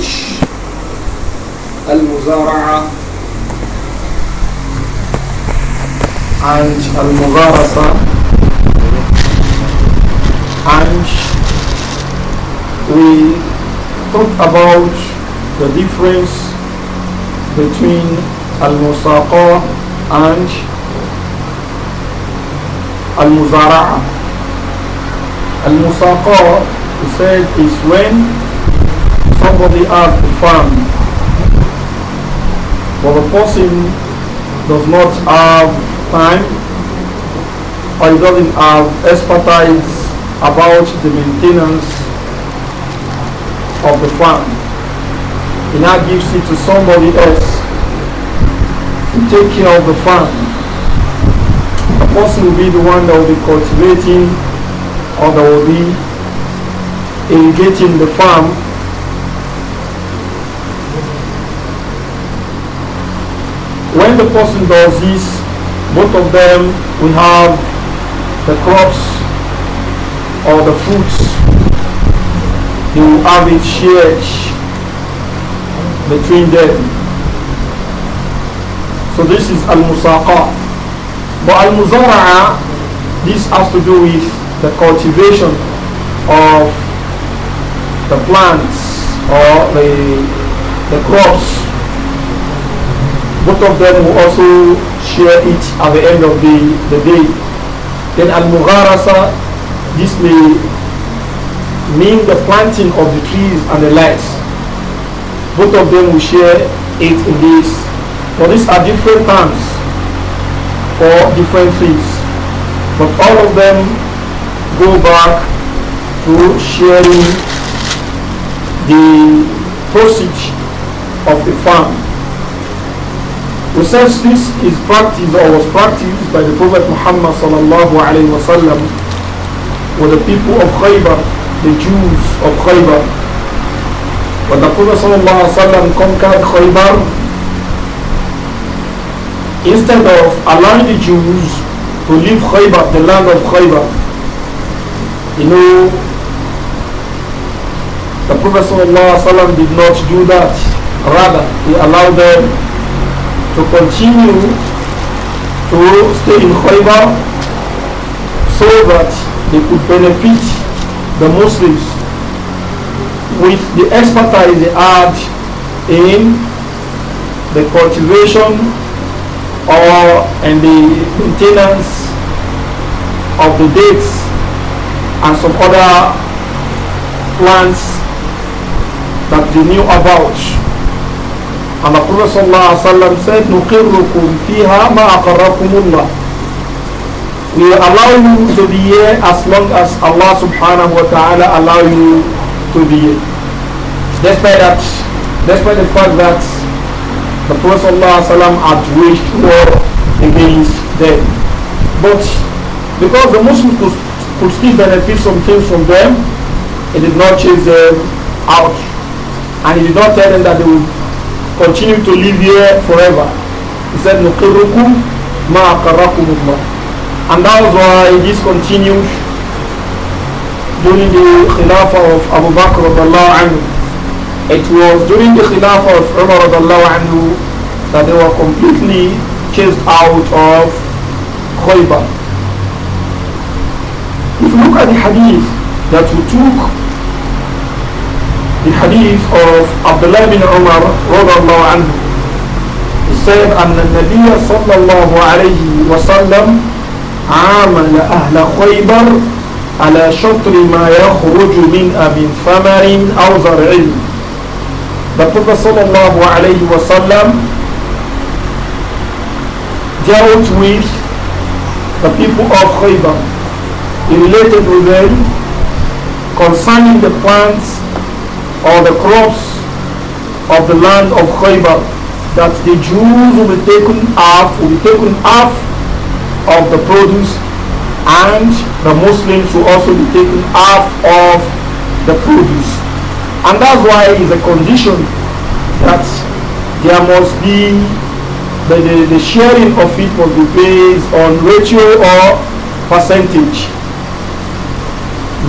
الجيش المزارعة and المغارسة and we talked about the difference between المساقة and المزارعة المساقة we said is when somebody has a farm, but the person does not have time or doesn't have expertise about the maintenance of the farm. He now gives it to somebody else to take care of the farm. The person will be the one that will be cultivating or that will be irrigating the farm when the person does this, both of them will have the crops or the fruits. You will have it shared between them. So this is al-musaqa. But al-muzara'a, this has to do with the cultivation of the plants or the, the crops both of them will also share it at the end of the, the day. Then al-mugharasa, this may mean the planting of the trees and the lights. Both of them will share it in this. But these are different terms for different things. But all of them go back to sharing the proceeds of the farm who this is practiced or was practiced by the Prophet Muhammad sallallahu alayhi wasallam were the people of Khaybar, the Jews of Khaybar. When the Prophet sallallahu alayhi wasallam conquered Khaybar, instead of allowing the Jews to leave Khaybar, the land of Khaybar, you know, the Prophet sallallahu alayhi wasallam did not do that. Rather, he allowed them to continue to stay in Khaybar so that they could benefit the Muslims with the expertise they had in the cultivation or and the maintenance of the dates and some other plants that they knew about. And the Prophet ﷺ said, نُقِرُّكُمْ fiha ma أَقَرَّكُمُ We allow you to be here as long as Allah subhanahu wa ta'ala allow you to be here. Despite that, despite the fact that the Prophet ﷺ had waged war against them. But because the Muslims could, could still benefit some things from them, he did not chase them out. And he did not tell them that they would continue to live here forever. He said, Nukirukum ma'akarakumullah. And that was why this continued during the Khilafah of Abu Bakr anhu. It was during the Khilafah of Umar anhu that they were completely chased out of Khaybar. If you look at the hadith that we took the hadith of Abdullah bin Umar radiallahu anhu. He said, أن النبي صلى الله عليه وسلم عامل أهل خيبر على شطر ما يخرج من من ثمر أو زرع. The Prophet صلى الله عليه وسلم dealt with the people of Khaybar. He related with them concerning the plants or the crops of the land of Khaybar that the Jews will be taken off will be taken half of the produce and the Muslims will also be taken off of the produce and that's why it's a condition that there must be the, the, the sharing of it must be based on ratio or percentage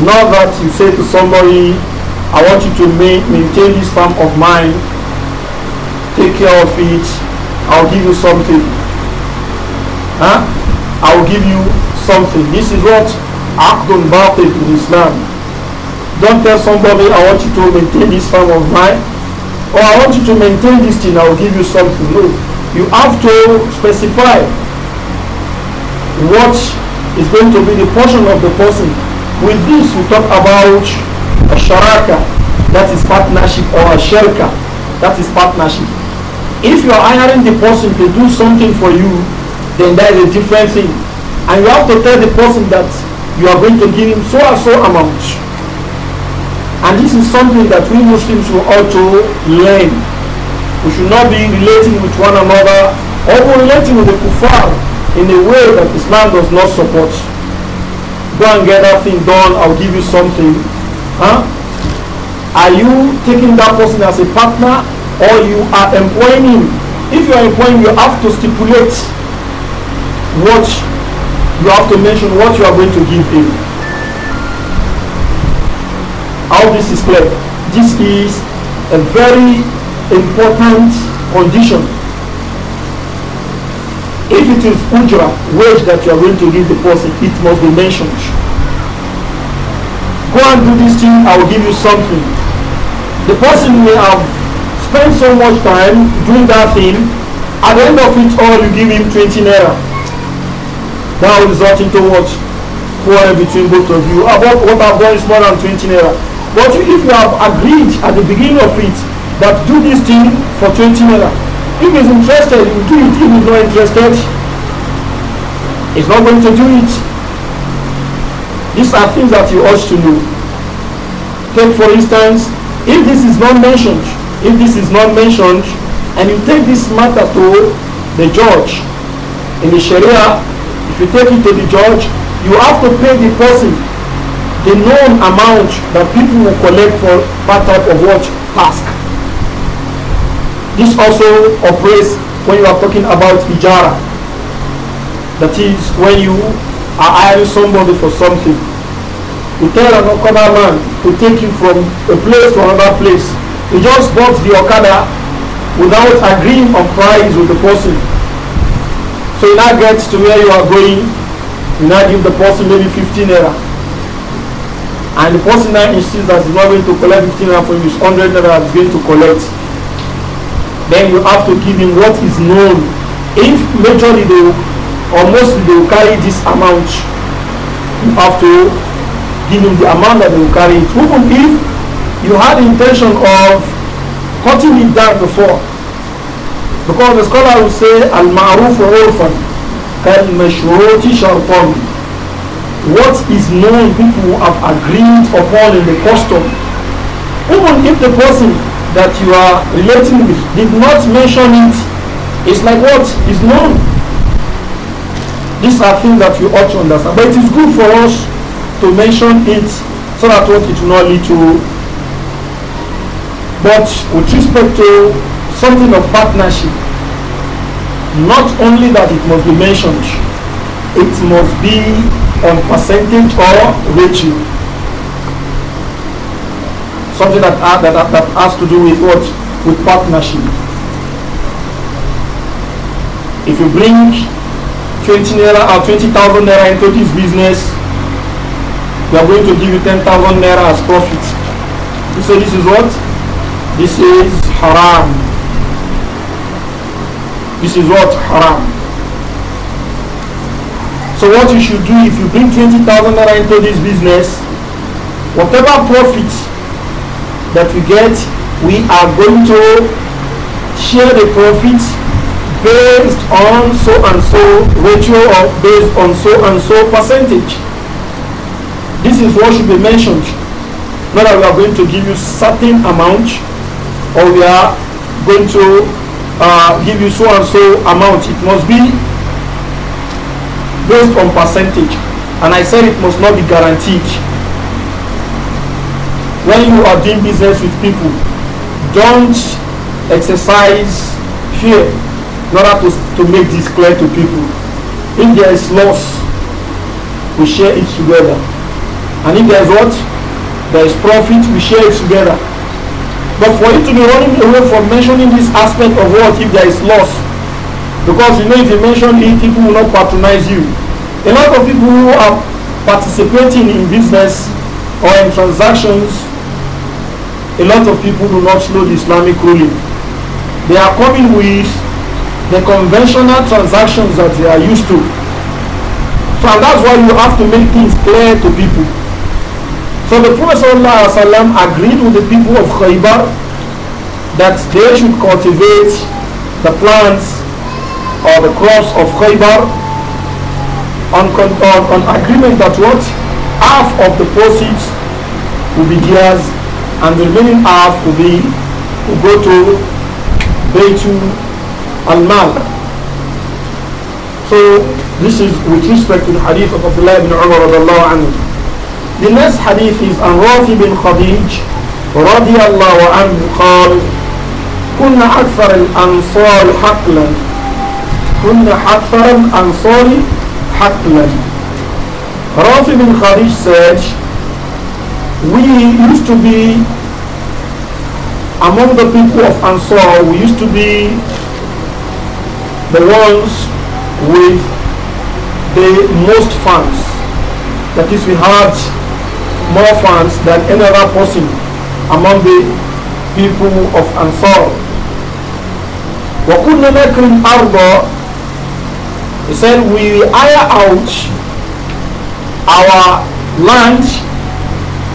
not that you say to somebody I want you to ma- maintain this farm of mine, take care of it, I'll give you something. Huh? I'll give you something. This is what Akdun Batil in Islam. Don't tell somebody I want you to maintain this farm of mine or I want you to maintain this thing, I'll give you something. No. You have to specify what is going to be the portion of the person. With this we talk about a sharaka, that is partnership, or a sharka, that is partnership. If you are hiring the person to do something for you, then that is a different thing. And you have to tell the person that you are going to give him so and so amount. And this is something that we Muslims will also learn. We should not be relating with one another or relating with the kuffar in a way that Islam does not support. Go and get that thing done, I'll give you something. Huh? Are you taking that person as a partner or you are employing him? If you are employing, you have to stipulate what you have to mention what you are going to give him. How this is clear. This is a very important condition. If it is ujra, wage that you are going to give the person, it must be mentioned go and do this thing, I will give you something. The person may have spent so much time doing that thing, at the end of it all, you give him 20 naira. That will result into what? Quarrel between both of you. About what I've done is more than 20 naira. But if you have agreed at the beginning of it that do this thing for 20 naira, if he's interested, he will do it. If he's not interested, he's not going to do it. These are things that you ought to know. Take for instance, if this is not mentioned, if this is not mentioned, and you take this matter to the judge in the Sharia, if you take it to the judge, you have to pay the person the known amount that people will collect for part of what task. This also operates when you are talking about ijara. That is when you are hiring somebody for something. You tell an Okada man to take you from a place to another place. He just bought the Okada without agreeing on price with the person. So he now gets to where you are going, He now give the person maybe fifteen naira. And the person now insists that he's not going to collect fifteen naira from you, it's 100 naira he's going to collect. Then you have to give him what is known. If majorly they or mostly they will carry this amount. You have to give him the amount that they will carry it. Even if you had intention of cutting it down before, because the scholar will say, Al-Ma'ruf Urfan, kal shall follow. What is known people have agreed upon in the custom. Even if the person that you are relating with did not mention it, it's like what is known. These are things that you ought to understand. But it is good for us to mention it so that what it will not lead to. But with respect to something of partnership, not only that it must be mentioned, it must be on percentage or ratio. Something that, uh, that, that has to do with what? With partnership. If you bring 20 naira uh, or 20,000 naira into this business, we are going to give you 10,000 naira as profit. You say this is what? This is haram. This is what? Haram. So what you should do if you bring 20,000 naira into this business, whatever profit that we get, we are going to share the profits. based on so and so ratio or based on so and so percentage. This is what should be mentioned. Not that we are going to give you certain amount or we are going to uh, give you so and so amount. It must be based on percentage. And I said it must not be guaranteed. When you are doing business with people, don't exercise fear in order to, to make this clear to people. If there is loss, we share it together. And if there is what? There is profit, we share it together. But for you to be running away from mentioning this aspect of what if there is loss, because you know if you mention it, people will not patronize you. A lot of people who are participating in business or in transactions, a lot of people do not know the Islamic ruling. They are coming with the conventional transactions that they are used to. So and that's why you have to make things clear to people. So the Prophet ﷺ agreed with the people of Khaybar that they should cultivate the plants or the crops of Khaybar on, on, on agreement that what? Half of the proceeds will be theirs and the remaining half will be will go to Beitul and mal. So this is with respect to the hadith of Abdullah ibn Umar anhu. The next hadith is an Rafi bin Khadij رضي الله عنه قال كنا أكثر الأنصار حقلا كنا أكثر الأنصار حقلا Rafi bin Khadij said we used to be among the people of Ansar we used to be the ones with the most fans. That is, we had more fans than any other person among the people of Ansar. وَكُنَّ نَكْرٍ أَرْضًا He said, we hire out our land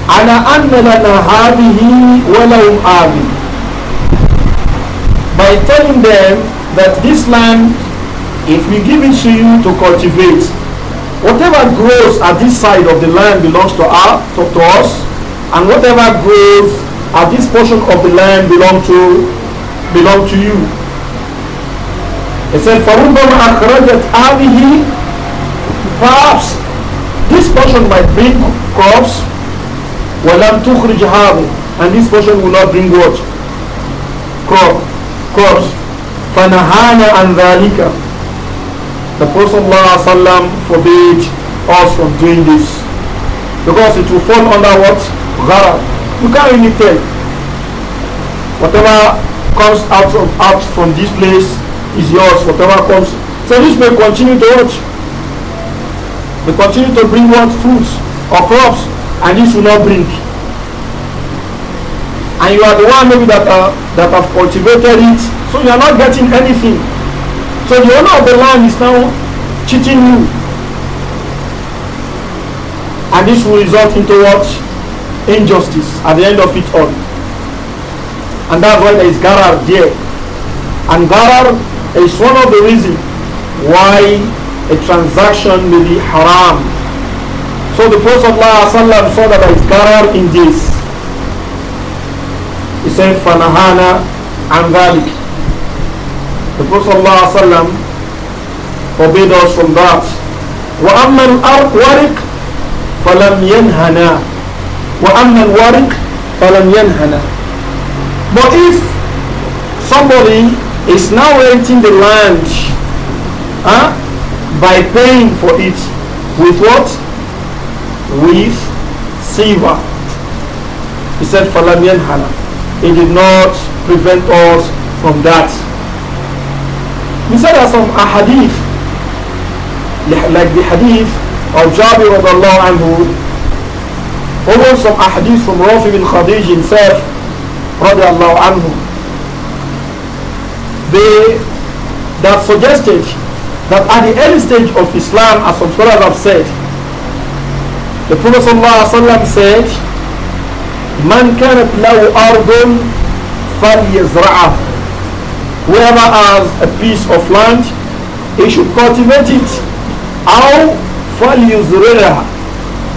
على أن لنا هذه ولهم هذه by telling them that this land, if we give it to you to cultivate, whatever grows at this side of the land belongs to, our, to, to us, and whatever grows at this portion of the land belongs to belong to you. It said, فَرُبَّمَا أَخْرَجَتْ آذِهِ Perhaps this portion might bring crops وَلَمْ تُخْرِجْ هَذِهِ And this portion will not bring what? Crop crops. فَنَهَانَ عَنْ ذَلِكَ The Prophet ﷺ forbade us from doing this. Because it will fall under what? Ghara. You can't really tell. Whatever comes out, of, out from this place is yours, whatever comes. So this may continue to watch. They continue to bring what fruits or crops and this will not bring and you are the one maybe that are, uh, that have cultivated it, so you are not getting anything. So the owner of the land is now cheating you, and this will result into what injustice at the end of it all. And that's why there is garar there, and garar is one of the reasons why a transaction may be haram. So the Prophet ﷺ saw that there is garar in this said, فَنَهَانَا عَنْ ذَلِكَ The Prophet ﷺ forbade us from that. وَأَمَّا الْأَرْوَرِقْ فَلَمْ يَنْهَنَا وَأَمَّا الْوَرِقْ فَلَمْ يَنْهَنَا But if somebody is now renting the land huh, by paying for it with what? With silver. He said, فَلَمْ يَنْهَنَا it did not prevent us from that. We said there are some ahadith, like the hadith of Jabir radiallahu anhu, over some ahadith from Rafi bin Khadij himself, radiallahu anhu, they, that suggested that at the early stage of Islam, as some scholars have said, the Prophet ﷺ said, من كانت له أرض فليزرعه whoever has a piece of land he should cultivate it أو فليزرعه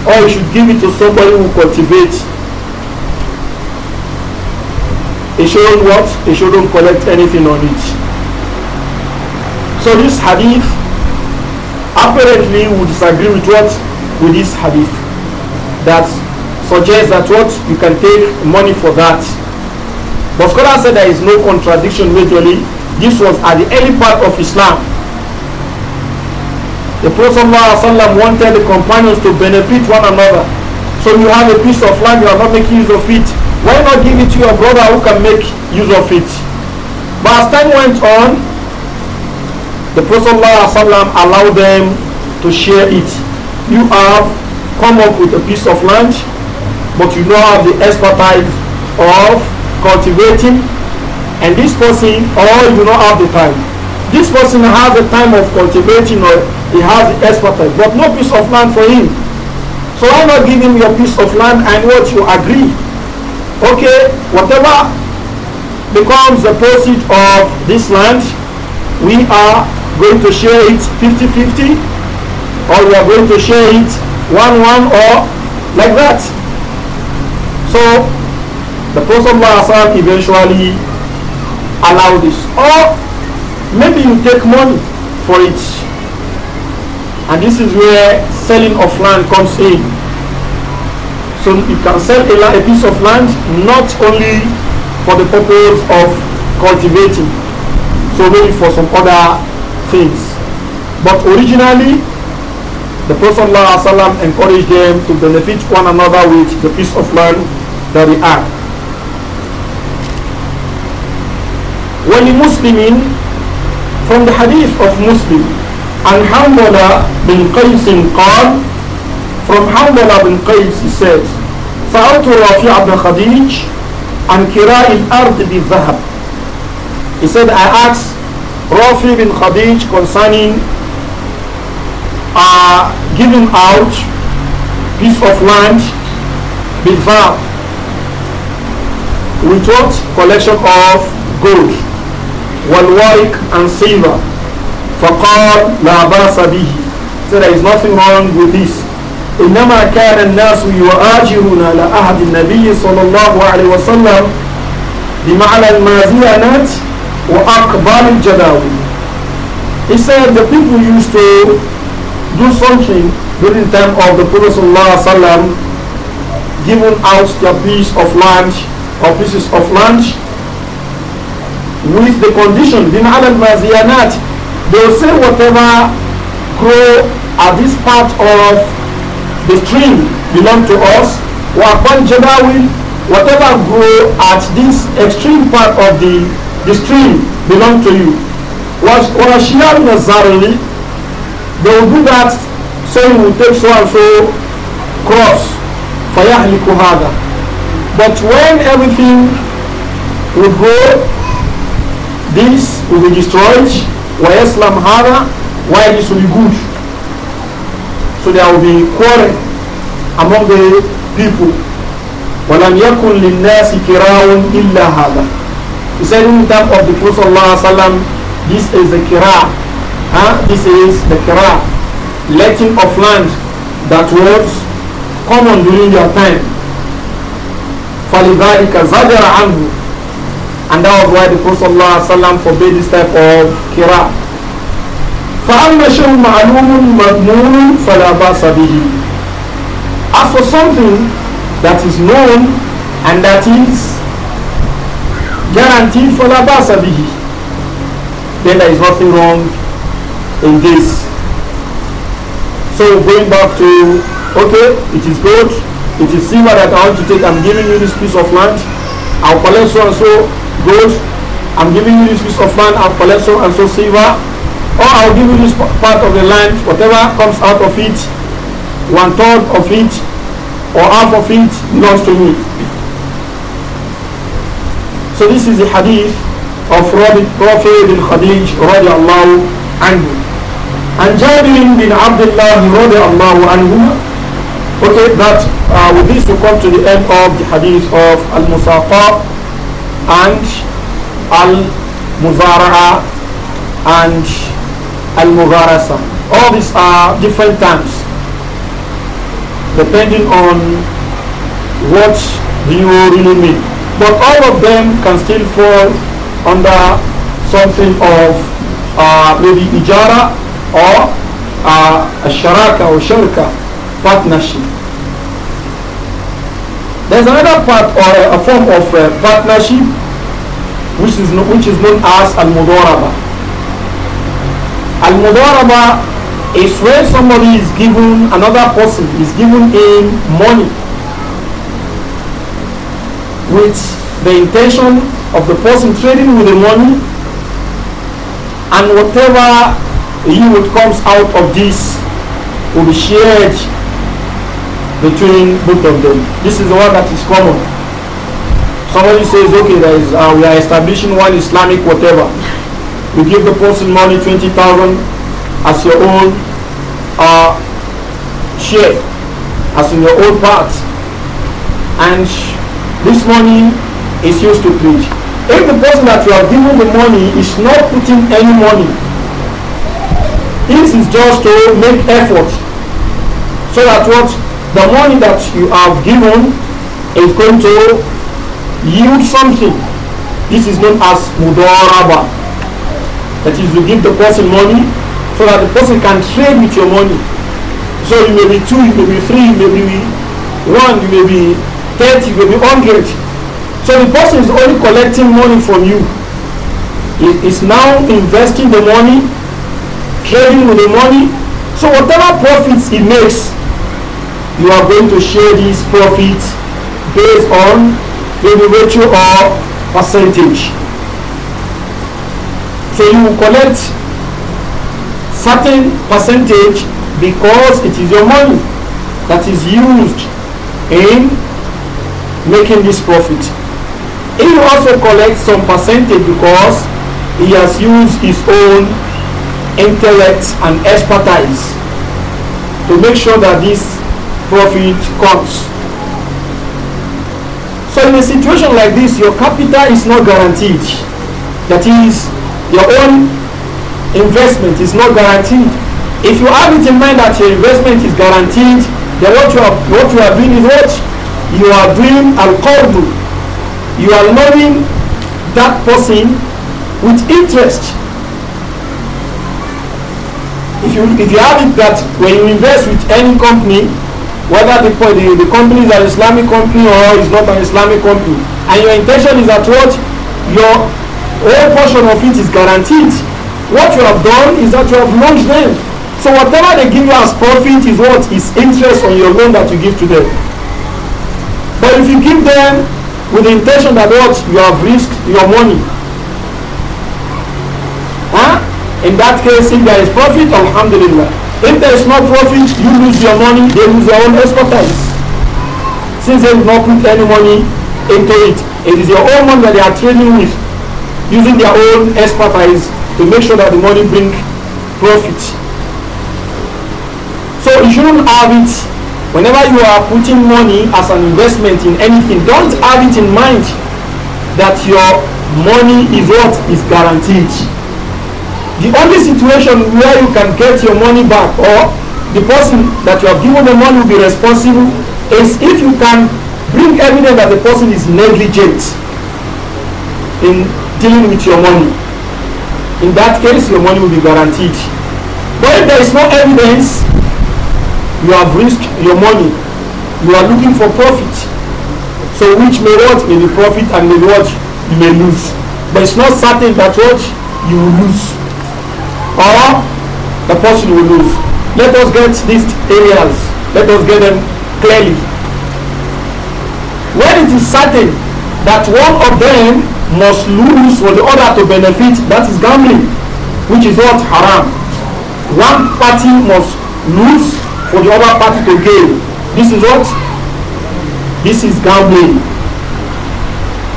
or he should give it to somebody who cultivates he shouldn't what? He shouldn't collect anything on it. So this hadith apparently would disagree with what? With this hadith. That's. suggests that what you can take money for that. But scholars said there is no contradiction majorly. This was at the early part of Islam. The Prophet ﷺ wanted the companions to benefit one another. So you have a piece of land, you are not making use of it. Why not give it to your brother who can make use of it? But as time went on, the Prophet ﷺ allowed them to share it. You have come up with a piece of land, but you don't have the expertise of cultivating and this person or you do not have the time this person has the time of cultivating or he has the expertise but no piece of land for him so why not give him your piece of land and what you agree okay whatever becomes the proceeds of this land we are going to share it 50-50 or we are going to share it 1-1 or like that so the Prophet ﷺ eventually allowed this. Or maybe you take money for it. And this is where selling of land comes in. So you can sell a, piece of land not only for the purpose of cultivating, so maybe for some other things. But originally, the Prophet ﷺ encouraged them to benefit one another with the piece of land that we are. When the Muslimin, from the hadith of Muslim, and Hamdala bin Qais قال, from Hamdala bin Qais he says, سألت رافع بن خديج عن كراء الأرض بالذهب. He said, I asked Rafi bin Khadij concerning uh, giving out piece of land with vow with what? Collection of gold, والورق and silver. فقال لا بأس به. So there is nothing wrong with this. إنما كان الناس يؤاجرون على عهد النبي صلى الله عليه وسلم بمعنى المازينات وأقبال الجداول. He said the people used to do something during the time of the Prophet sallallahu alaihi wasallam, giving out their piece of land or of lunch with the condition بمعنى They will say whatever grow at this part of the stream belong to us وأقل جداول whatever grow at this extreme part of the, the stream belong to you ورشيان الزارلي they will do that so you will take so and so cross فيهلك هذا But when everything will go, this will be destroyed. Islam هَذَا Why this will be good? So there will be quarrel among the people. وَلَمْ يَكُنْ لِلنَّاسِ كِرَاءٌ إِلَّا هَذَا He said in the time of the Prophet وسلم, this is the kira. Huh? This is the kira. Letting of land that was common during your time. فَلِذَٰلِكَ زَجَرَ عَنْهُ And that was why the Prophet ﷺ forbade this type of kira. فَأَمَّا شَيْءٌ مَعْلُومٌ مَضْمُونٌ فَلَا بَأْسَ بِهِ As for something that is known and that is guaranteed فَلَا بَأْسَ بِهِ Then there is nothing wrong in this. So going back to, okay, it is good, if you see what I want to take, I'm giving you this piece of land. I'll collect so and so gold. I'm giving you this piece of land. I'll collect so and so silver. Or I'll give you this part of the land, whatever comes out of it, one third of it, or half of it belongs to me. So this is the hadith of Prophet bin Khadij radiallahu anhu. And Jabir bin Abdullah radiallahu anhu, okay, that uh, with this, we come to the end of the hadith of Al-Musaqa and Al-Muzara'a and Al-Mugharasa. All these are different terms depending on what you really mean. But all of them can still fall under something of uh, maybe ijara or uh, sharaka or shirka partnership. There's another part or a form of uh, partnership which is, no, which is known as al-mudaraba. Al-mudaraba is where somebody is given, another person is given in money with the intention of the person trading with the money and whatever yield comes out of this will be shared between both of them. This is the one that is common. Somebody says, okay, there is, uh, we are establishing one Islamic whatever. You give the person money, 20,000 as your own uh, share, as in your own part. And this money is used to preach. If the person that you are giving the money is not putting any money, this is just to make effort so that what the money that you have given is going to yield something. This is known as mudaraba. That is, you give the person money so that the person can trade with your money. So you may be two, you may be three, you may be one, you may be thirty, you may be hundred. So the person is only collecting money from you. It is now investing the money, trading with the money. So whatever profits he makes, you are going to share these profits based on maybe ratio or percentage. So you collect certain percentage because it is your money that is used in making this profit. He also collects some percentage because he has used his own intellect and expertise to make sure that this profit comes. So in a situation like this, your capital is not guaranteed. That is, your own investment is not guaranteed. If you have it in mind that your investment is guaranteed, then what you are, what you are doing is what? You are doing al-qardu. You are loaning that person with interest. If you, if you have it that when you invest with any company, whether the, the, the company is an Islamic company or is not an Islamic company. And your intention is that what your whole portion of it is guaranteed. What you have done is that you have launched them. So whatever they give you as profit is what is interest on your loan that you give to them. But if you give them with the intention that what you have risked your money, huh? in that case, if there is profit, alhamdulillah. If there is no profit, you lose your money, they lose their own expertise. Since they will not put any money into it, it is your own money that they are trading with, using their own expertise to make sure that the money brings profit. So you shouldn't have it whenever you are putting money as an investment in anything. Don't have it in mind that your money is what is guaranteed. The only situation where you can get your money back or the person that you have given the money will be responsible is if you can bring evidence that the person is negligent in dealing with your money. In that case, your money will be guaranteed. But if there is no evidence, you have risked your money. You are looking for profit. So which may what may be profit and may what you may lose. But it's not certain that what you will lose. or the person will lose. Let us get these areas, let us get them clearly. When it is certain that one of them must lose for the other to benefit, that is gambling, which is what haram. One party must lose for the other party to gain. This is what? This is gambling.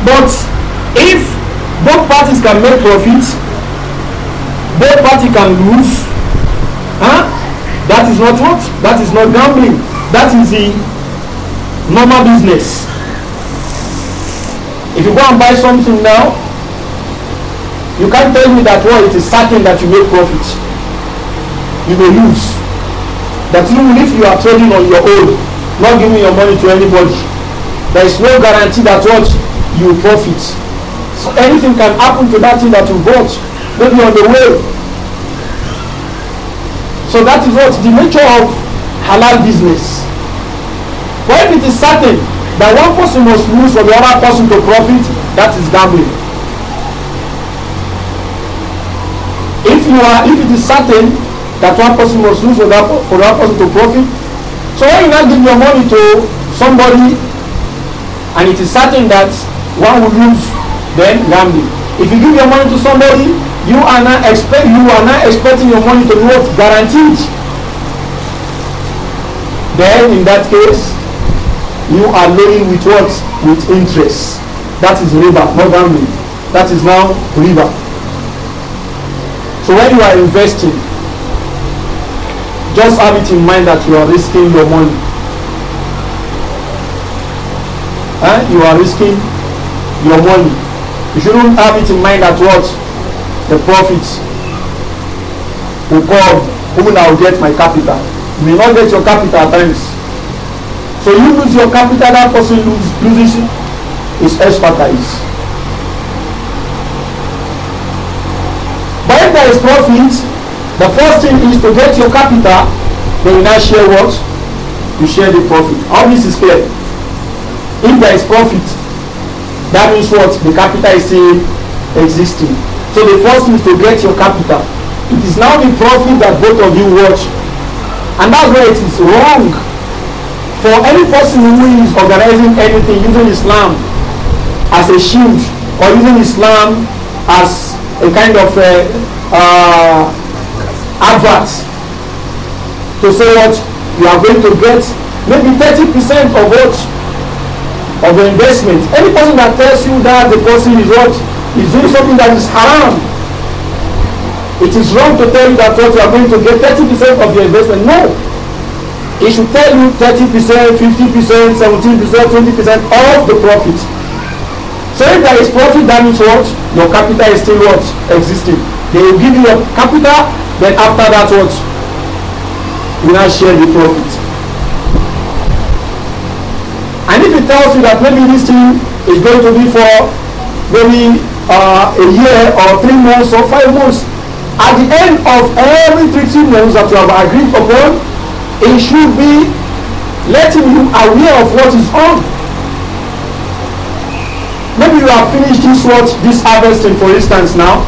But if both parties can make profits both party can lose. Huh? That is not what? That is not gambling. That is the normal business. If you go and buy something now, you can't tell me that well, it is certain that you make profit. You may lose. That even if you are trading on your own, not giving your money to anybody, there is no guarantee that what you profit. So anything can happen to that thing that you bought maybe on the way. So that is what the nature of halal business. But if it is certain that one person must lose for the other person to profit, that is gambling. If you are, if it is certain that one person must lose for that for the other person to profit, so why you not give your money to somebody and it is certain that one will lose, then gambling. If you give your money to somebody you are not expect you are not expecting your money to be what guaranteed then in that case you are loaning with what with interest that is river, not gambling that is now river. so when you are investing just have it in mind that you are risking your money eh? you are risking your money you shouldn't have it in mind that what the profit will come even I will get my capital you may not get your capital at times so you lose your capital that person lose loses his expertise but if there is profit the first thing is to get your capital then you now share what you share the profit all this is clear if there is profit that means what the capital is still existing So they force is to get your capital. It is now the profit that both of you watch. And that's why it is wrong for any person who is organizing anything using Islam as a shield or using Islam as a kind of a, uh, uh, advert to say what you are going to get maybe thirty percent of what of the investment any person that tells you that the person is what is doing something that is haram. It is wrong to tell you that what you are going to get 30% of your investment. No. It should tell you 30%, 50%, 17%, 20% of the profit. So if there is profit, that means what? Your capital is still what? Existing. They will give you your capital, then after that what? You now share the profit. And if it tells you that maybe this thing is going to be for maybe uh, a year or three months or five months. At the end of every three months that you have agreed upon, it should be letting you aware of what is on. Maybe you have finished this what this harvesting, for instance, now.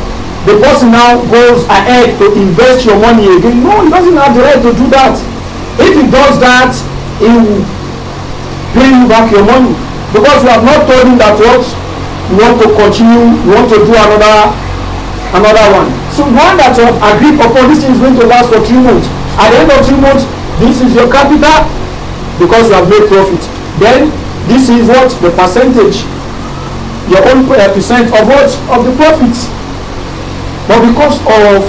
The person now goes ahead to invest your money again. No, he doesn't have the right to do that. If he does that, he will pay you back your money because you have not told him that what want to continue, want to do another another one. So one that you agree upon this thing is going to last for three months. At the end of three months, this is your capital because you have made profit. Then this is what the percentage, your own uh, percent of what of the profits. But because of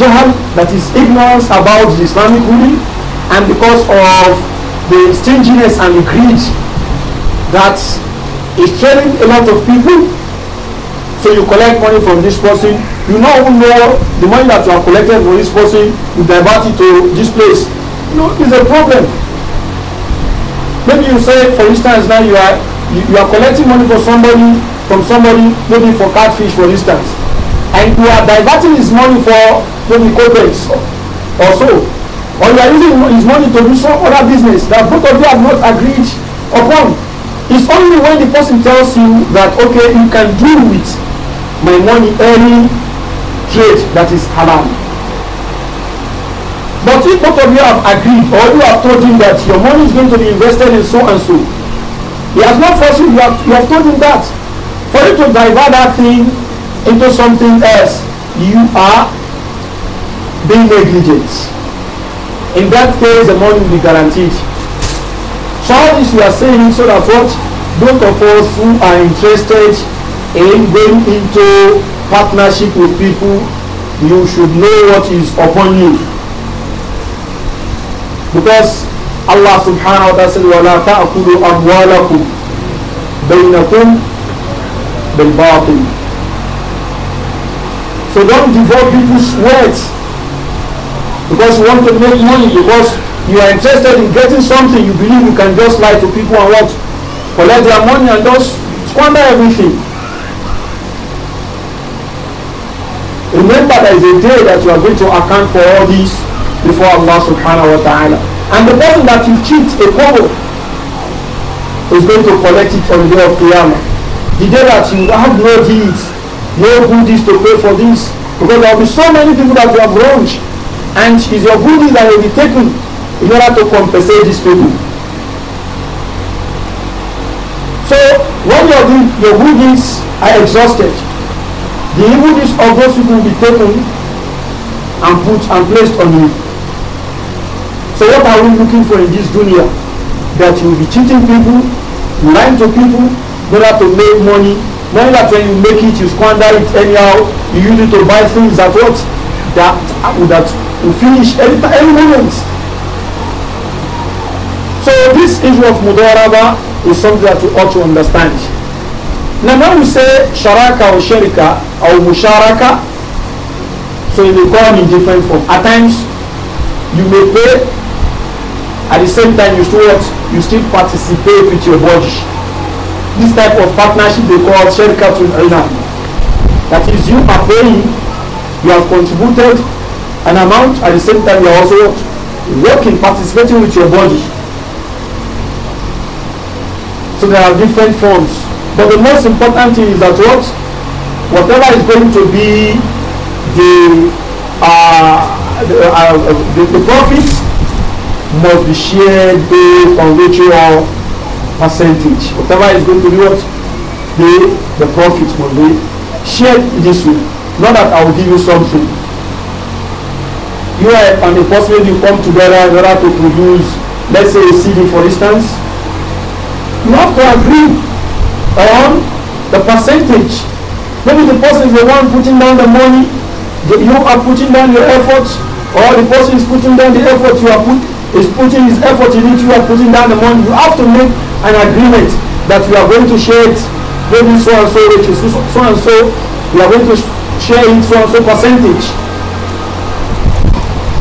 jahal, that is ignorance about the Islamic ruling, and because of the stinginess and the greed that is sharing a lot of people. So you collect money from this person. You not even know the money that you have collected from this person, you divert it to this place. You know, it's a problem. Maybe you say, for instance, now you are you, you are collecting money for somebody from somebody, maybe for catfish, for instance, and you are diverting his money for maybe corporates or so, or you are using his money to do some other business that both of you have not agreed upon. It's only when the person tells you that, okay, you can do with my money any trade that is halal. But if both of you have agreed or you have told him that your money is going to be invested in so and so, he has not forced you, you have, you have told him that. For you to divert that thing into something else, you are being negligent. In that case, the money will be guaranteed. So this we are saying so that what those of us who are interested in going into partnership with people, you should know what is upon you. Because Allah subhanahu wa ta'ala said, وَلَا تَأْكُلُوا أَمْوَالَكُمْ بَيْنَكُمْ بِالْبَاطِلِ So don't devote people's words because you want to make money because you are interested in getting something you believe you can just lie to people and what collect their money and just squander everything remember there is a day that you are going to account for all this before allah subhanahu wa ta'ala and the person that you cheat a cover is going to collect it on the day of qiyamah the day that you have no deeds no goodies to pay for this because there will be so many people that you have wronged and it's your goodies that will be taken in order to compensate these people. So when your, your good deeds are exhausted, the evil deeds of those people will be taken and put and placed on you. So what are we looking for in this dunya? That you will be cheating people, lying to people, in order to make money. Money that when you make it, you squander it anyhow. You use it to buy things that what that that will finish any any moment. So this issue of mudaraba is something that we ought to understand. Now when we say sharaka or sharika or musharaka, so it will come in different form. At times you may pay, at the same time you still you still participate with your body. This type of partnership they call sharika to inam. That is you are paying, you have contributed an amount, at the same time you are also working, participating with your body. So there are different forms. But the most important thing is that what whatever is going to be the uh, the, uh, the, the profits must be shared based on ritual percentage. Whatever is going to be what the the profits must be shared this way. Not that I will give you something. You and the person you come together in order to produce, let's say a CD for instance, You have to agree on the percentage. Maybe the person is the one putting down the money, you are putting down your efforts, or the person is putting down the effort you are put, is putting his effort in it, you are putting down the money. You have to make an agreement that you are going to share it, maybe so and so riches, so, so and so, you are going to share it so and so percentage.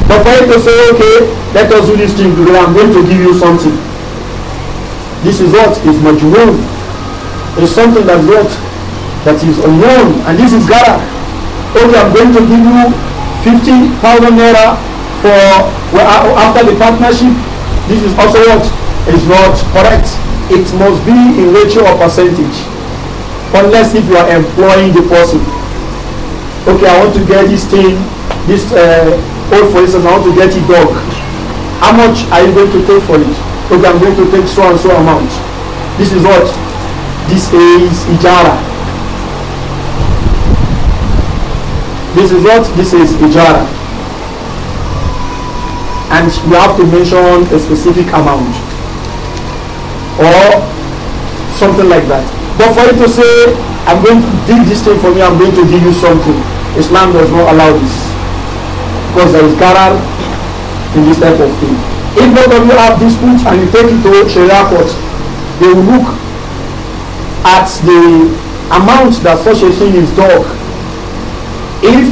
But for you to say, okay, let us do this thing together, I'm going to give you something. This is what is majhul. It is something that what that is unknown, and this is God. Okay, I'm going to give you fifty thousand naira for uh, after the partnership. This is also what is not correct. It must be in ratio or percentage, unless if you are employing the person. Okay, I want to get this thing, this uh, old for instance, I want to get a dog. How much are you going to pay for it? okay, I'm going to take so and so amount. This is what? This is Ijara. This is what? This is Ijara. And you have to mention a specific amount or something like that. But for you to say, I'm going to do this thing for me, I'm going to give you something, Islam does not allow this. Because there is karar in this type of thing. If both of you have dispute and you take it to Sharia court, they will look at the amount that such a thing is dog. If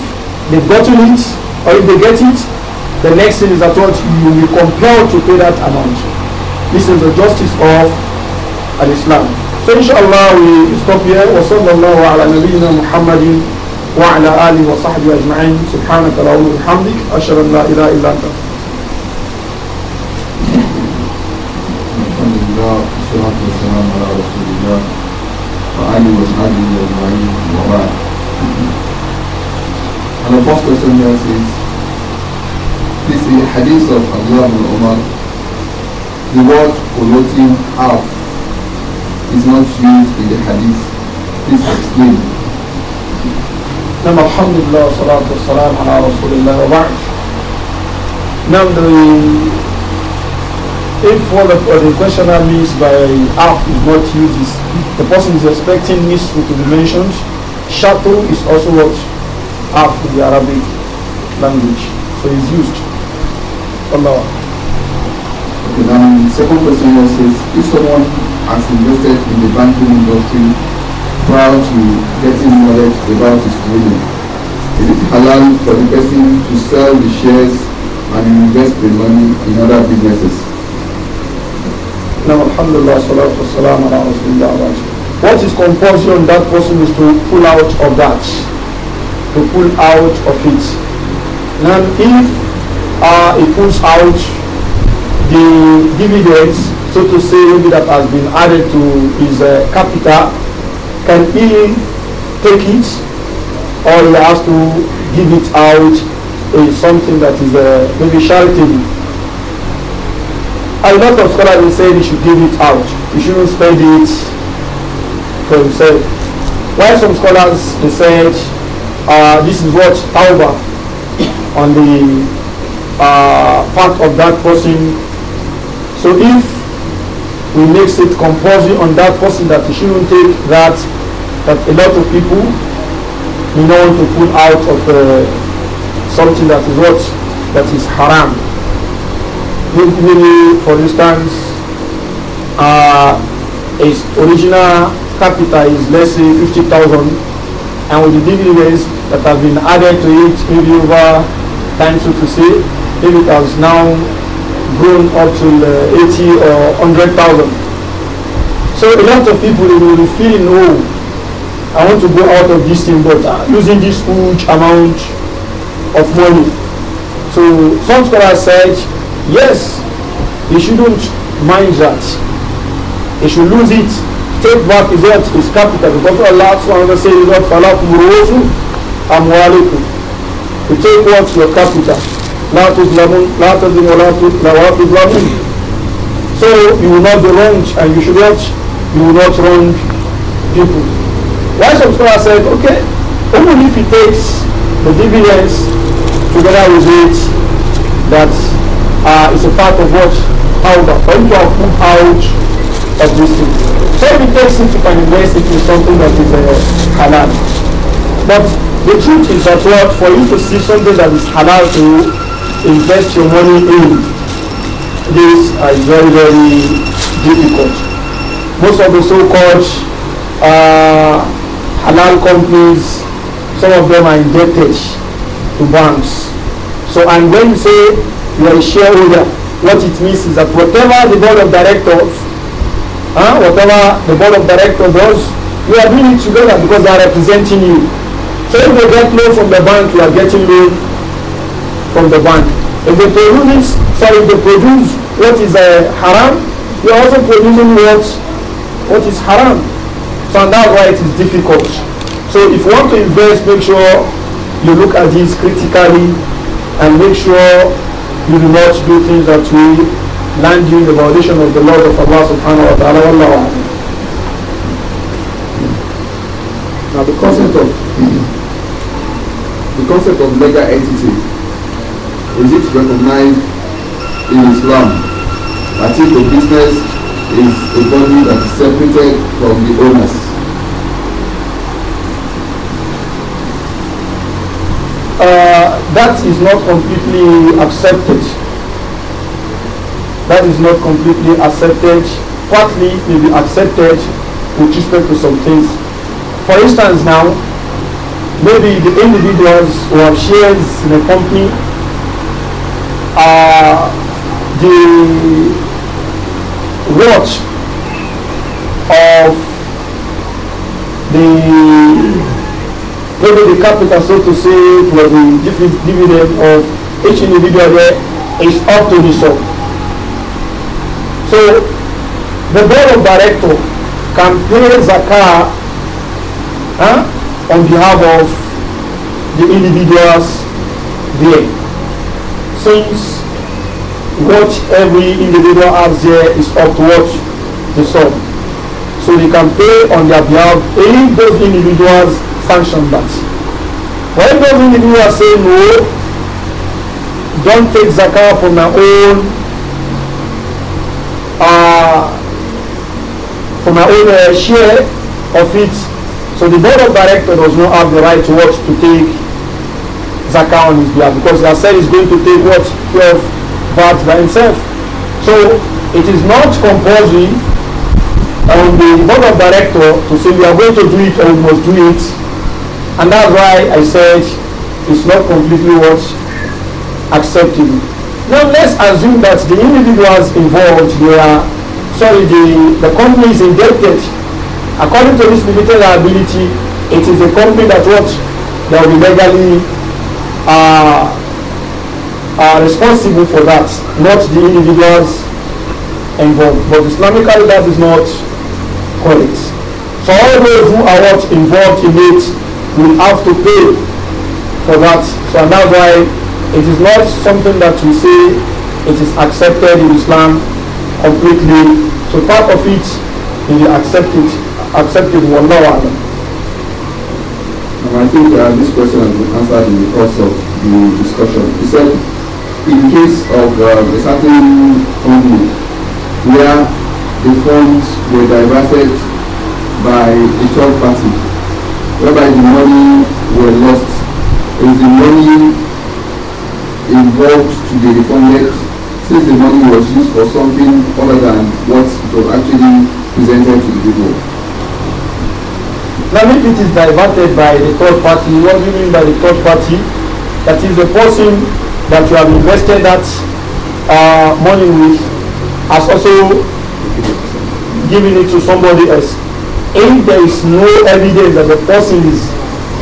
they've gotten it or if they get it, the next thing is that what you will be compelled to pay that amount. This is the justice of al-Islam. So inshallah we stop here. وصلى الله على نبينا محمد وعلى آله وصحبه أجمعين سبحانك اللهم وبحمدك أشهد أن لا إله إلا أنت والصلاة والسلام على رسول الله وآله وصحبه أجمعين وبعد. And the first question here says, this is a hadith of Abdullah bin Umar. The word polluting half is not used in the hadith. Please explain. نعم الحمد لله والصلاة والسلام على رسول الله وبعد. Now the if what the, what the questioner means by half is not used, is the person is expecting this to be mentioned. Shatru is also what half in the Arabic language, so it's used. Allah. Okay, the second question is says, if someone has invested in the banking industry prior to getting knowledge about his trading, is it halal for the person to sell the shares and invest the money in other businesses? Now, alhamdulillah, salatu wassalam ala What is compulsion? on that person is to pull out of that, to pull out of it. Now, if uh, he pulls out the dividends, so to say, maybe that has been added to his uh, capital, can he take it or he has to give it out as something that is uh, maybe charitable a lot of scholars will say he should give it out. He shouldn't spend it for himself. While some scholars they said uh, this is what tawbah on the uh, part of that person. So if we makes it compulsory on that person that he shouldn't take that, that a lot of people you know to pull out of uh, something that is what that is haram for instance uh, its original capital is let's say 50,000 and with the dividends that have been added to it maybe over time so to say maybe it has now grown up to uh, 80 or 100,000 so a lot of people will feel, feeling oh I want to go out of this thing but uh, using this huge amount of money so some scholars said Yes, he shouldn't mind that. He should lose it. Take back his wealth, his capital, because Allah subhanahu wa ta'ala says, "Not falakum amwalikum." To take what your capital. not تظلمون لا تظلم ولا تظلمون So you will not be wronged and you should not you will not wrong people. Why some scholars said, okay, only if he takes the dividends together with it that uh, is a part of what? how the him of have out of this thing. So if it takes you can invest it in something that is uh, halal. But the truth is that what? For you to see something that is halal to invest your money in, this uh, is very, very difficult. Most of the so-called uh, halal companies, some of them are indebted to banks. So, and when you say we are a shareholder. What it means is that whatever the board of directors, huh, whatever the board of directors does, we are doing it together because they are representing you. So if they get loan from the bank, you are getting loan from the bank. If they produce, sorry, if they produce what is uh, haram, you are also producing what, what is haram. So that's why it is difficult. So if you want to invest, make sure you look at this critically and make sure you do not do things that will land you in the violation of the laws of Allah subhanahu wa ta'ala. Now the concept of the concept of legal entity is it recognized in Islam that if the business is a body that is separated from the owners that is not completely accepted. That is not completely accepted. Partly may be accepted with respect to some things. For instance, now, maybe the individuals who have shares in a company are the watch of the maybe the capital, so to say, for the dividend of each individual there is up to the own. So the board of director can pay zakah huh, on behalf of the individuals there. Since what every individual has there is up to what the sum. So they can pay on their behalf any those individuals function that. Why doesn't the say no? Don't take zakah from my own uh, for my own uh, share of it. So the board of director does not have the right to what to take zakah on his behalf because Yasser is going to take what 12 parts by himself. So it is not compulsory on the board of director to say we are going to do it and we must do it and that's why I said it's not completely what acceptable. Now let's assume that the individuals involved, they are, sorry, the, the company is indebted. According to this limited liability, it is a company that what that will be legally uh, are uh, responsible for that, not the individuals involved. But Islamically, that is not correct. So all those who are not involved in it, will have to pay for that. So that's why it is not something that we say it is accepted in Islam completely. So part of it, it is accepted, accepted one. And I think uh, this question has been answered in the course of the discussion. He said, in case of uh, a certain company where the funds were diverted by a third party whereby the money were lost? Is the money involved to the refunded since the money was used for something other than what it was actually presented to the people? Now, if it is diverted by the third party, what do you mean by the third party? That is the person that you have invested that uh, money with has also given it to somebody else. if there is no evidence that the person is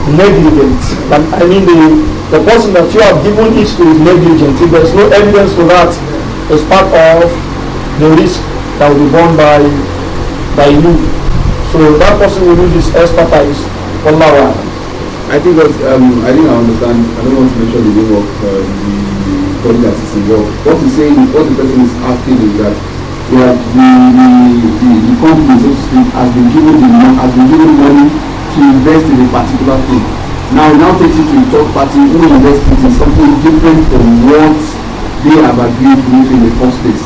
negligent, but I mean the, the person that you have given it to is negligent, if there is no evidence for that, it's part of the risk that will be borne by, by you. So that person will lose his expertise. Wallahu I think that's, um, I think I understand. I don't want to mention the name of uh, the company that is involved. What he's saying, what the person is asking is that where the, the, the, the company so to speak has been given the has been given money to invest in a particular thing. Now now take it to the third party who invests in something different from what they have agreed with in the first place.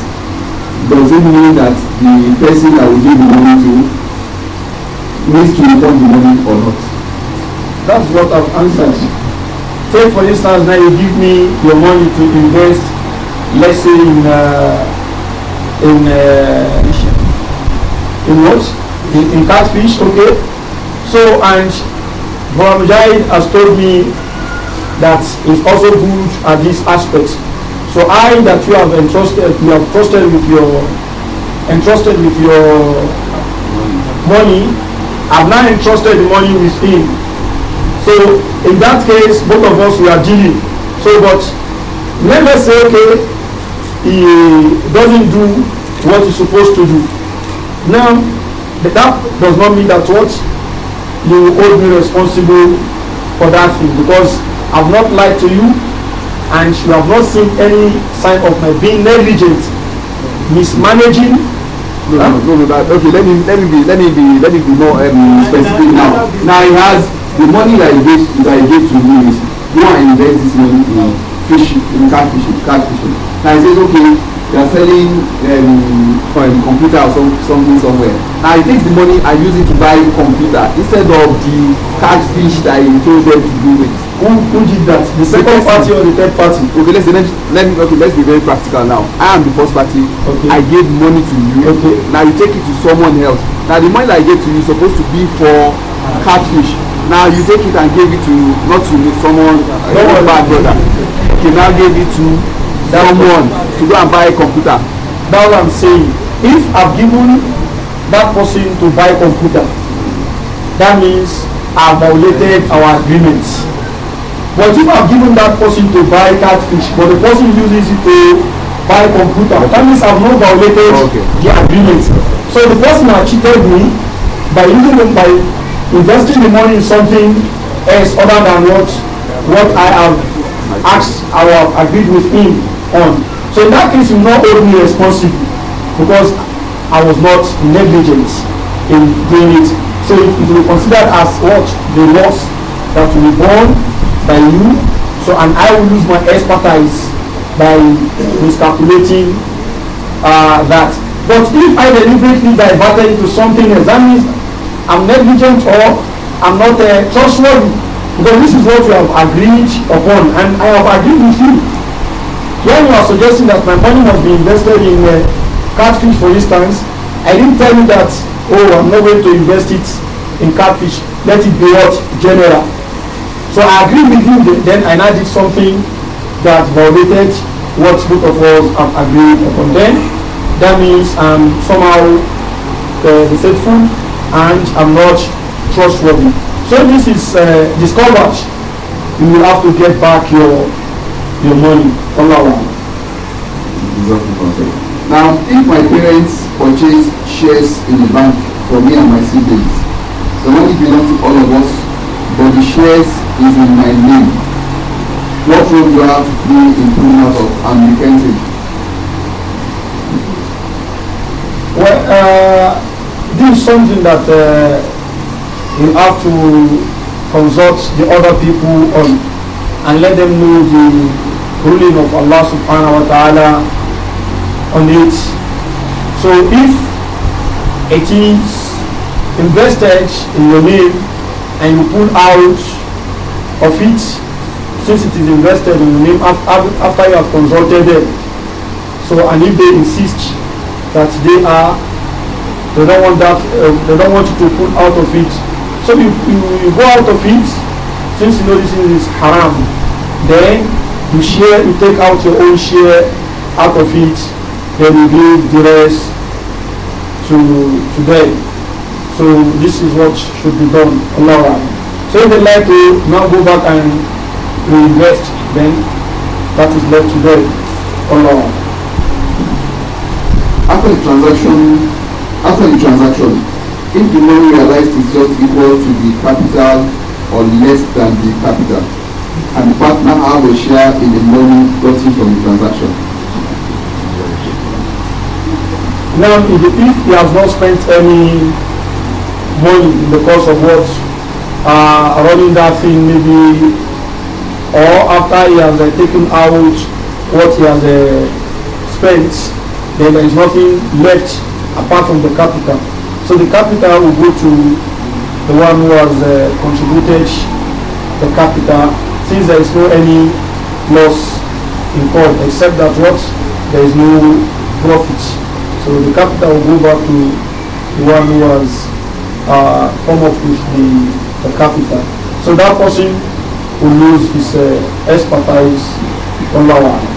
Does it mean that the person that will give the money to needs to return the money or not? That's what I've answered. Take for instance now you give me your money to invest, let's say in uh, in uh, in what in, in catfish okay so and Muhammad Mujahid has told me that is also good at this aspect so I that you have entrusted you have trusted with your entrusted with your money I've now entrusted the money with him so in that case both of us we are dealing so but let us say okay he uh, doesn't do what he's supposed to do. Now, that does not mean that what you hold me responsible for that thing because I've not lied to you and you have not seen any sign of my being negligent, mismanaging. No, no, no, no, no. Okay, let me let me be let me be let me be more um, specific now. Now he has the money that he gave that he gave to me is go and invest this money in fishing, in catfishing, catfishing. Now he says, okay, you are selling um, a computer or some, something somewhere. Now he takes the money and uses it to buy computer instead of the catfish that he told them to do with. Who, who did that? The second the party or the third party? Okay, let's let, let me okay, let's be very practical now. I am the first party. Okay. I gave money to you. Okay. Now you take it to someone else. Now the money that I gave to you is supposed to be for catfish. Now you take it and give it to not to someone, uh, bad brother they now gave it to someone to go and buy a computer that's what i'm saying if i've given that person to buy a computer that means i've violated our agreement but if i've given that person to buy catfish but the person uses it to buy a computer that means i've not violated okay. the agreement so the person that cheated me by using them by investing the money in something else other than what what i have asked our agreed with him on. So in that case, you not hold me responsible because I was not negligent in doing it. So it, it will be considered as what the loss that will be borne by you. So and I will lose my expertise by miscalculating uh, that. But if I deliberately diverted into something else, that means I'm negligent or I'm not uh, trustworthy. Because this is what you have agreed upon, and I have agreed with you. When you are suggesting that my money must be invested in uh, catfish, for instance, I didn't tell you that, oh, I'm not going to invest it in catfish. Let it be what? General. So I agreed with you, then and I did something that violated what both of us have agreed upon. Then that means I'm somehow uh, deceitful and I'm not trustworthy. So this is uh, discovered. You will have to get back your your money. Allah exactly. Now, if my parents purchase shares in the bank for me and my siblings, the money belongs to all of us, but the shares is in my name. What role do I have to be in pulling out of and repenting? Well, uh, this is something that. Uh, you have to consult the other people on and let them know the ruling of Allah subhanahu wa ta'ala on it. So if it is invested in your name and you pull out of it, since it is invested in your name after you have consulted them, so and if they insist that they are, they don't want that, uh, they don't want you to pull out of it, so you, you, you go out of it, since you know this is haram, then you share, you take out your own share out of it, then you give the rest to, to them. So this is what should be done. Allah. So if they like to now go back and reinvest, then that is left to them. Allah. After the transaction, after the transaction, if the money realized is just equal to the capital or less than the capital, and the partner have a share in the money gotten from the transaction. Now, if, he has not spent any money in the course of what uh, running that thing, maybe, or after he has uh, taken out what he has uh, spent, then there is nothing left apart from the capital. So the capital will go to the one who has uh, contributed the capital since there is no any loss involved except that what there is no profit. So the capital will go back to the one who has uh, come up with the, the capital. So that person will lose his uh, expertise on that one.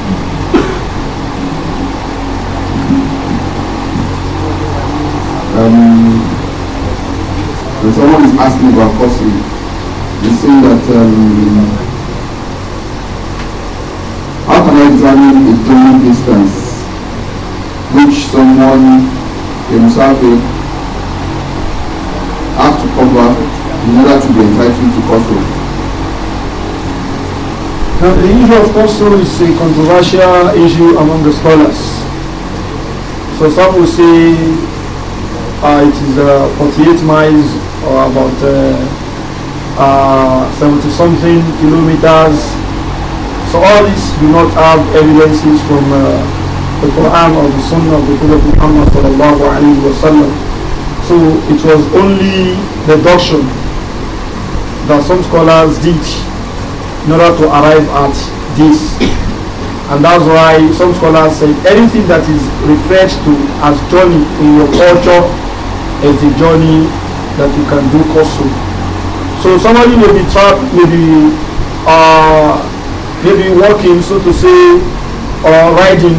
someone is asking about costing, he's saying that um, how can I examine a given distance which someone himself has to cover in order to be entitled to costing? Now, the issue of qasr is a controversial issue among the scholars. So some will say uh, it is uh, 48 miles or about uh, uh, 70 something kilometers. So all these do not have evidences from uh, the Quran or the Sunnah of the Prophet Muhammad sallallahu alaihi wasallam. So it was only deduction that some scholars did in order to arrive at this. And that's why some scholars say anything that is referred to as journey in your culture is a journey that you can do also. So somebody may be trapped, maybe uh, maybe walking, so to say, or riding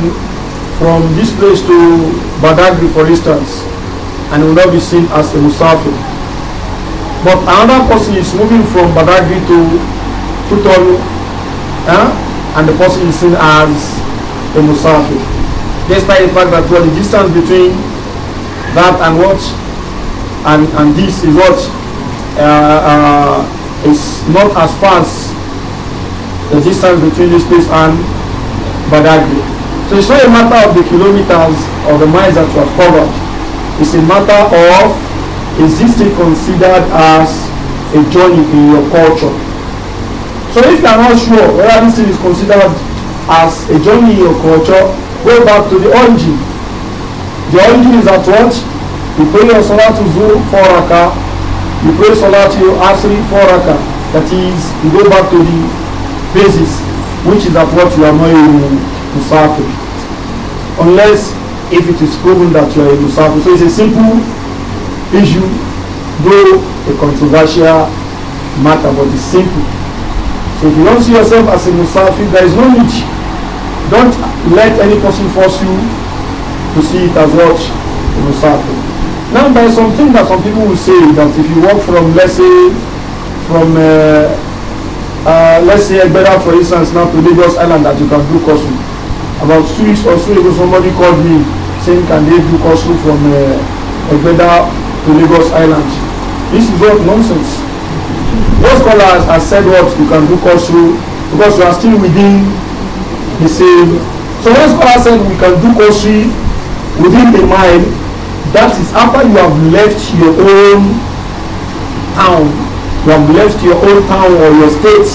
from this place to Badagri, for instance, and will not be seen as a musafir. But another person is moving from Badagri to Tutolu, eh? and the person is seen as a musafir, despite the fact that well, the distance between that and what and, and this is what uh, uh, is not as fast the distance between this place and Badagri. So it's not a matter of the kilometers or the miles that you have covered. It's a matter of is this still considered as a journey in your culture? So if you are not sure whether this thing is considered as a journey in your culture, go back to the origin. The origin is at what? You pray your salah to Zuhr for rakah. You pray salah to Asri for rakah. That is, you go back to the basis, which is at what you are not a musafir. Unless if it is proven that you are a musafir. So it's a simple issue, though a controversial matter, but it's simple. So if you don't see yourself as a musafir, there is no need. Don't let any person force you to see it as what? A musafir. Now there something that some people will say that if you walk from, let's say, from, uh, uh, let's say, Egbeda, for instance, now to Lagos Island, that you can do Kosu. About two weeks or so ago, somebody called me saying, can they do Kosu from uh, Egbeda to Lagos Island? This is all nonsense. Those scholars have said what you can do Kosu because you are still within the same. So those scholars said we can do Kosu within the mile That is after you have left your own town, you have left your own town or your state.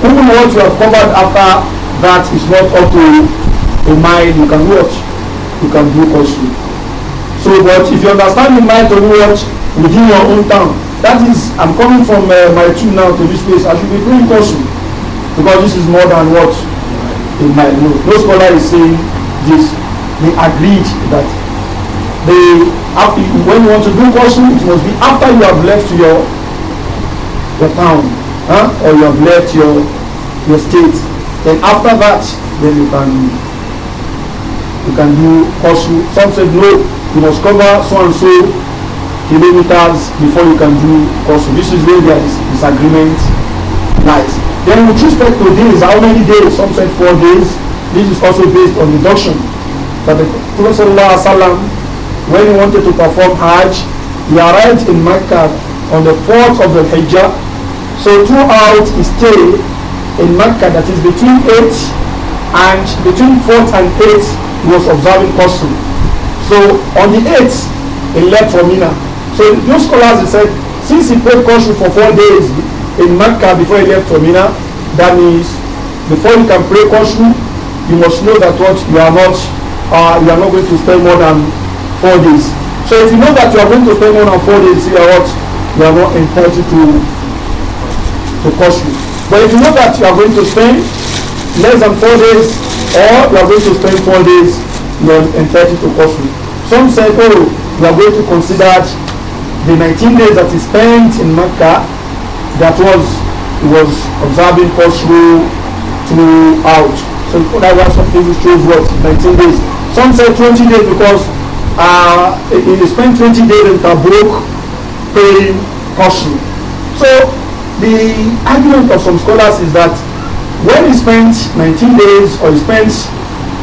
Even what you have covered after that is not up to to mind. You can watch, you can do also. So, but if you understand the mind to watch within your own town, that is, I'm coming from uh, my two now to this place. I should be doing also because this is more than what in my know. No scholar is saying this. They agreed that the after when you want to do ghusl, it must be after you have left your your town, huh? or you have left your your state. Then after that, then you can you can do ghusl. Some said no, you must cover so and so kilometers before you can do ghusl. This is where there is disagreement lies. Then with respect to days, how many days? Some said four days. This is also based on deduction. But the Prophet when he wanted to perform Hajj, he arrived in Mecca on the 4th of the Hijjah. So throughout his stay in Mecca, that is between 8 and between 4th and eighth, he was observing custom. So on the 8th, he left for Mina. So those scholars said, since he prayed caution for four days in Mecca before he left for Mina, that means before you can pray caution, you must know that what you are not, uh, you are not going to spend more than four days. So if you know that you are going to spend more than four days, you are what? You are not entitled to to you. But if you know that you are going to spend less than four days, or you are going to spend four days, you are entitled to you. Some say, oh, you are going to consider the 19 days that he spent in Mecca, that was he was observing Kosovo throughout. So that was something which chose was 19 days. Some say 20 days because uh, he spent 20 days in Tabuk praying caution. So the argument of some scholars is that when he spent 19 days or he spent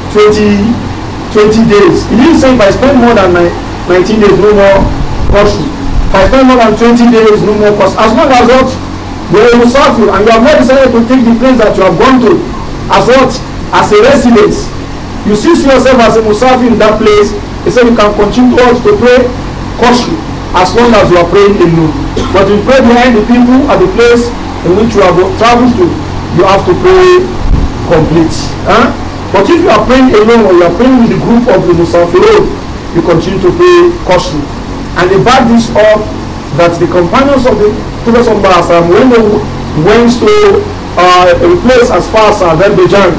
20, 20 days, he didn't say if I spend more than 19 days, no more caution. If I spend more than 20 days, no more caution. As long as what? You are Musafir and you have not decided to take the place that you have gone to as what? As a resident, You see yourself as a Musafir in that place He said you can continue to pray costly as long as you are praying alone. But if you pray behind the people at the place in which you have traveled to, you have to pray complete. Huh? But if you are praying alone or you are praying with the group of the Musafirun, you continue to pray costly. And they back this up that the companions of the Prophet Sallallahu when they went to uh, a place as far as Azerbaijan,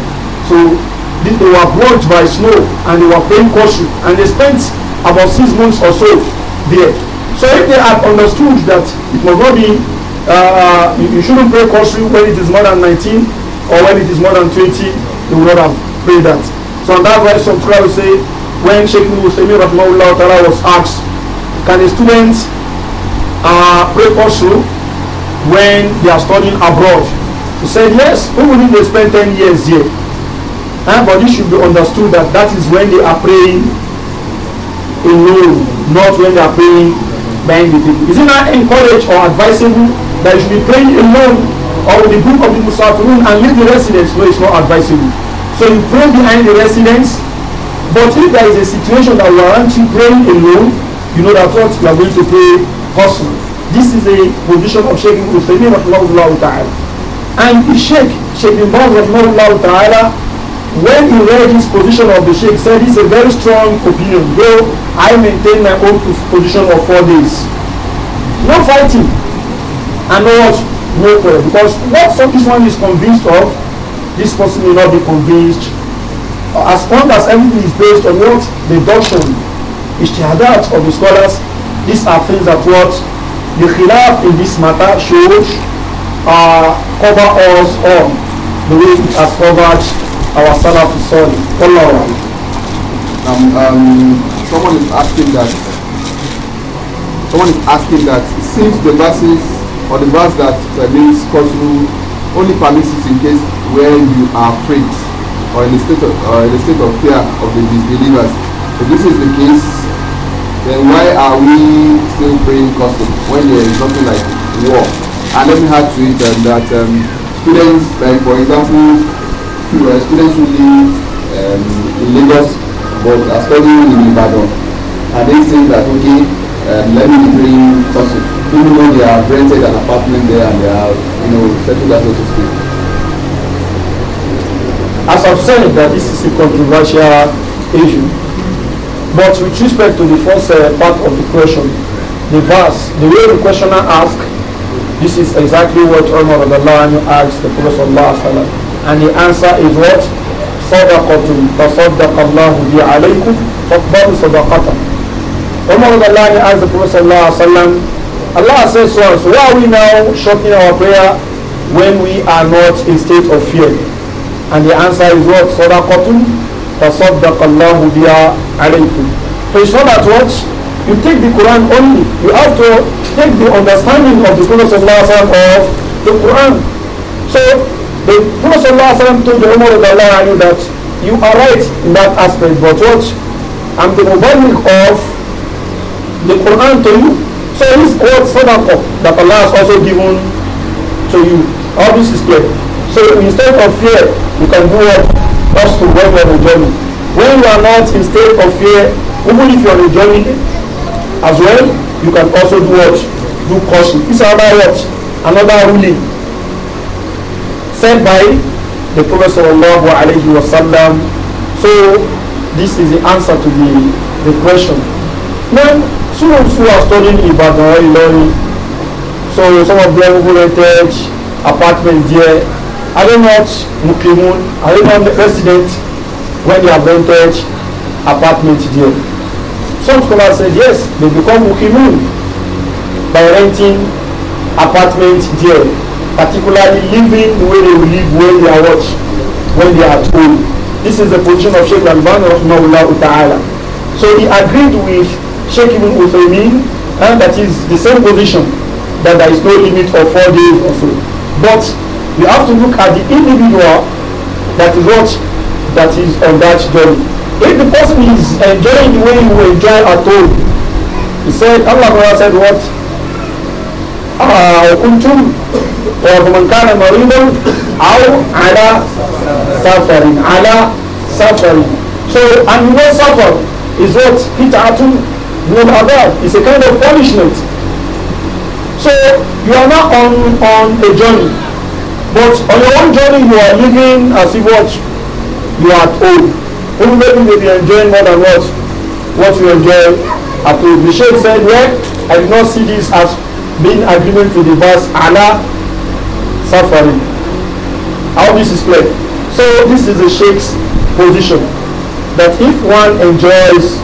to they were blocked by snow and they were paying caution and they spent about six months or so there. So if they had understood that it must not be, uh, uh you, you shouldn't pray caution when it is more than 19 or when it is more than 20, they would not have prayed that. So on that why some scholars say when Sheikh Muslim Rahmahullah Ta'ala was asked, can a student uh, pray also when they are studying abroad? He said, yes, Who wouldn't? they spend ten years here. Eh? But you should be understood that that is when they are praying alone, not when they are praying behind the people. Is it not encouraged or advisable that you should be praying alone or with the group of the Musafirun and leave the residents? No, it's not advisable. So you pray behind the residents, but if there is a situation that warrants you praying alone, you know that what you are going to pray possible. This is a position of Sheikh Ibn Uthaymeen ta'ala. And Sheikh, Sheikh Ibn Baz ta'ala when he read his position of the Sheikh, said it's a very strong opinion, though I maintain my own position of four days. No fighting and no what? No prayer. Because what so this one is convinced of, this person may not be convinced. Uh, as long as everything is based on what? Deduction, ishtihadat of the scholars, these are things that what? The khilaf in this matter should uh, cover us on the way it has covered our salaf sorry follow um, um, someone is asking that someone is asking that since the verses or the verse that permits uh, cutting only permits it in case where you are afraid or in a state of or in a state of fear of the disbelievers if this is the case then why are we still praying custom when there is something like war and let me add to it um, that um, students like for example students who live um, in Lagos but are studying in Ibadan and they say that okay um, let me bring Tosin even though they have rented an apartment there and they are you know settled as so to speak. As I've said that this is a controversial issue but with respect to the first uh, part of the question the verse the way the questioner asked this is exactly what Umar asked the Prophet Sallallahu Alaihi Wasallam And the answer is what? صدقة تصدق الله بي عليكم فاقبلوا صدقته. Umar Galani asked the Prophet sallallahu alaihi wasallam, Allah says to us, why are we now shortening our prayer when we are not in state of fear? And the answer is what? صدقة تصدق الله بي So it's not that what? You take the Quran only. You have to take the understanding of the Prophet sallallahu alaihi wasallam of the Quran. So The Prophet ﷺ told Umar that you are right in that aspect, but what? I'm the Mubarak of the Quran to you. So this word sadaqah that Allah has also given to you. All this is clear. So instead of fear, you can go up, Us to work on the journey. When you are not in state of fear, even if you are enjoying it as well, you can also do what? Do caution. It's another what? Another ruling sent by the Prophet sallallahu alaihi wasallam. So this is the answer to the, the question. Now, students who are studying Ibadan Ilori, so some of them who rented apartment there, I don't know, Mukimun? Are they the resident when they have rented apartment there? Some scholars said yes, they become Mukimun by renting apartment there particularly living the way they will live when they are what? When they are at home. This is the position of Sheikh Al-Ban ta'ala. So he agreed with Sheikh Ibn Uthaymin, and that is the same position that there is no limit of four days or so. But we have to look at the individual that is what that is on that journey. If the person is enjoying the way you enjoy at home, he said, Allah said what? Ah, kuntum ومن كان مريضا أو على سفر على سفر so and no suffer is what Peter hita'atun will abad it's a kind of punishment so you are now on on a journey but on your own journey you are living as if what you are told. home maybe may be enjoying more than what what you enjoy at home the sheikh said well i did not see this as being agreement with the verse Allah suffering. How this is played. So this is the Sheikh's position that if one enjoys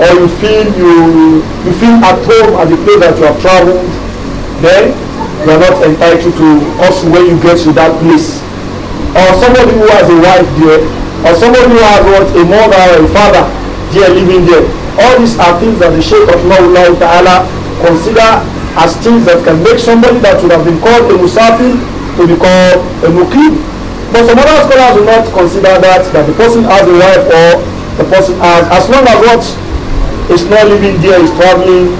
or you feel you you feel at home at the place that you have traveled, then you are not entitled to us when you get to that place. Or somebody who has a wife there, or somebody who has what, a mother or a father there living there. All these are things that the Shaykh of Allah Ta'ala consider as things that can make somebody that would have been called a musafir to be called a mukim. But some other scholars do not consider that, that the person has a wife or the person has, as long as what is not living there, is traveling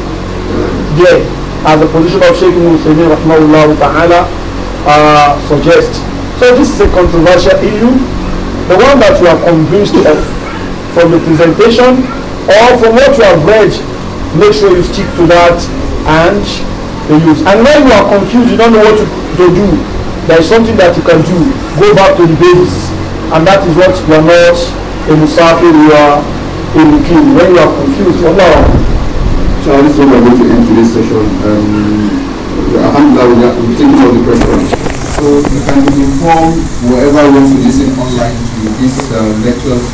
there, as the position of Sheikh Musaimi Rahmahullah Ta'ala uh, suggests. So this is a controversial issue, the one that you are convinced of from the presentation or from what you have read, make sure you stick to that and they use. And when you are confused, you don't know what to, to do, there is something that you can do. Go back to the basics, and that is what you are not in the you are a King. When you are confused, you are not. So I just want to going to end today's session. Um, Alhamdulillah, we take all the questions. So you can inform whoever wants to listen online to these uh, lectures,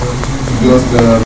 just uh,